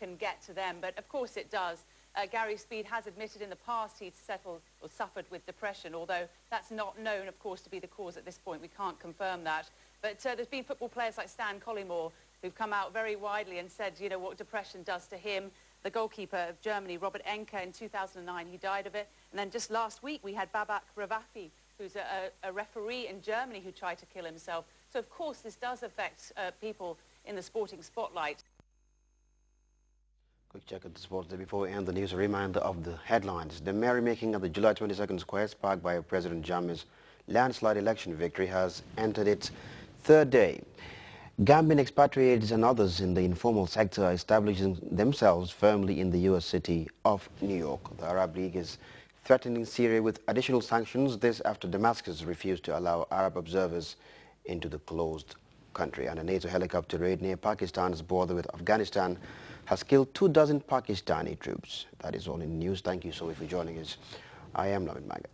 can get to them, but of course it does. Uh, Gary Speed has admitted in the past he'd settled or suffered with depression, although that's not known, of course, to be the cause at this point. We can't confirm that. But uh, there's been football players like Stan Collymore who've come out very widely and said, you know, what depression does to him. The goalkeeper of Germany, Robert Enke, in 2009, he died of it. And then just last week, we had Babak Ravafi, who's a, a referee in Germany who tried to kill himself. So, of course, this does affect uh, people in the sporting spotlight. Quick check of the sports before we end the news. A reminder of the headlines. The merrymaking at the July 22nd Square sparked by President Jammeh's landslide election victory has entered its third day. Gambian expatriates and others in the informal sector are establishing themselves firmly in the U.S. city of New York. The Arab League is threatening Syria with additional sanctions, this after Damascus refused to allow Arab observers into the closed country. And a NATO helicopter raid near Pakistan's border with Afghanistan has killed two dozen Pakistani troops. That is all in news. Thank you so much for joining us. I am Navin Magat.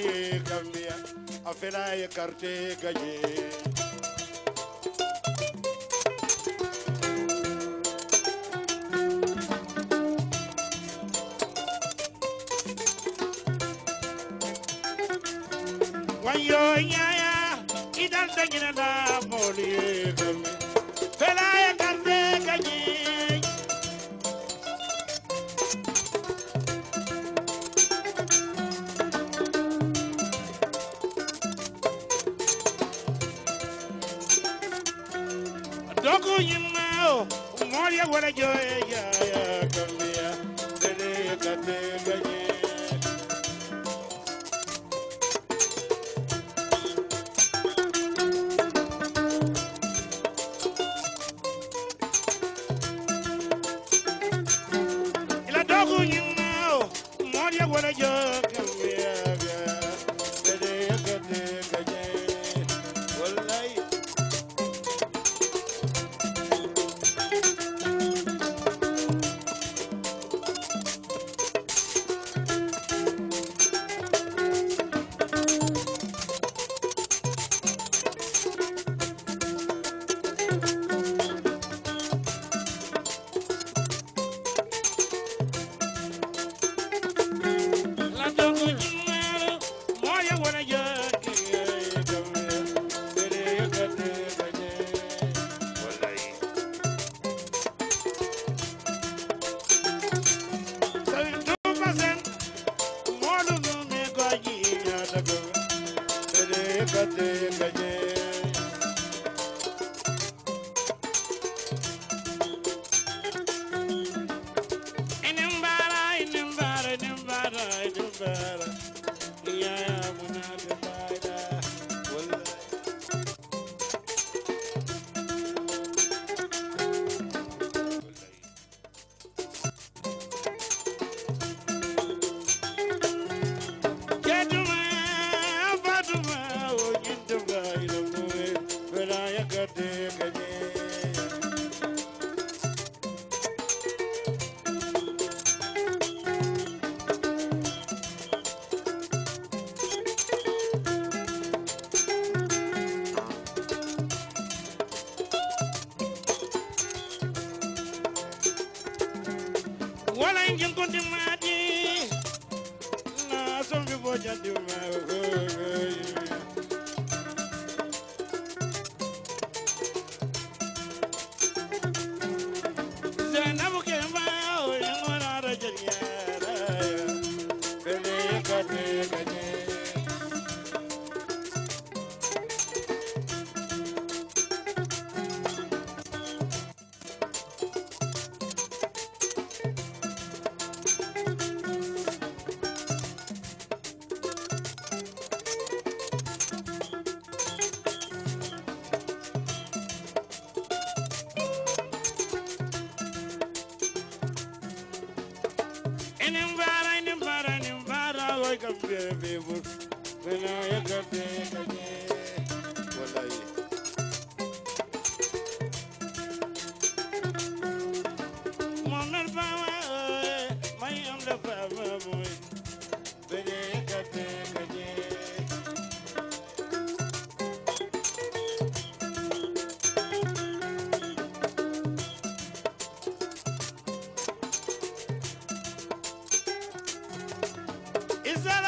quartier Gambia affaire ay quartier gagné wayo yaya ya wala jooye ya ya kambiya dale ya kate bañee Kate, wala injin kundi madi na sombi boja di ma bere bebur bana ya gabe kaje wallahi mamnar bawa mai am da fama boy bere ya gabe kaje Is that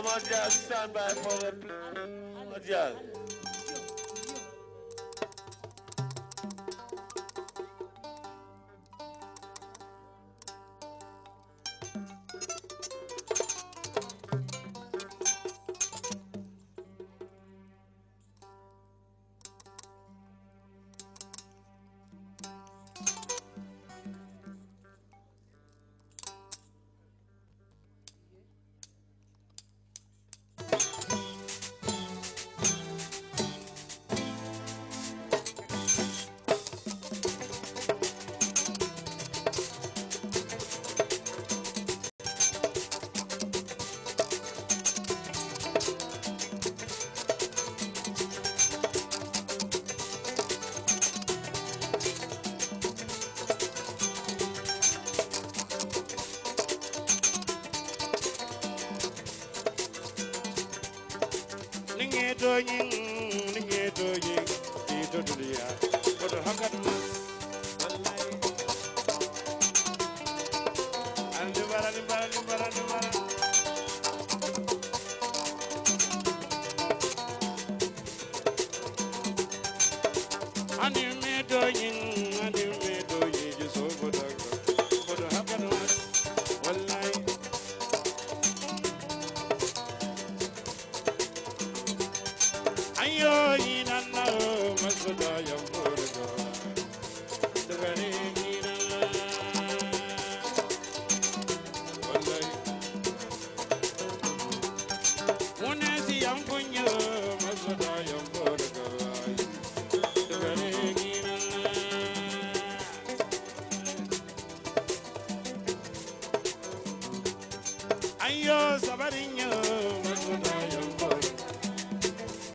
apologize, stand by for the apologize. doing, doing, doing, doing, doing, doing, Judaya.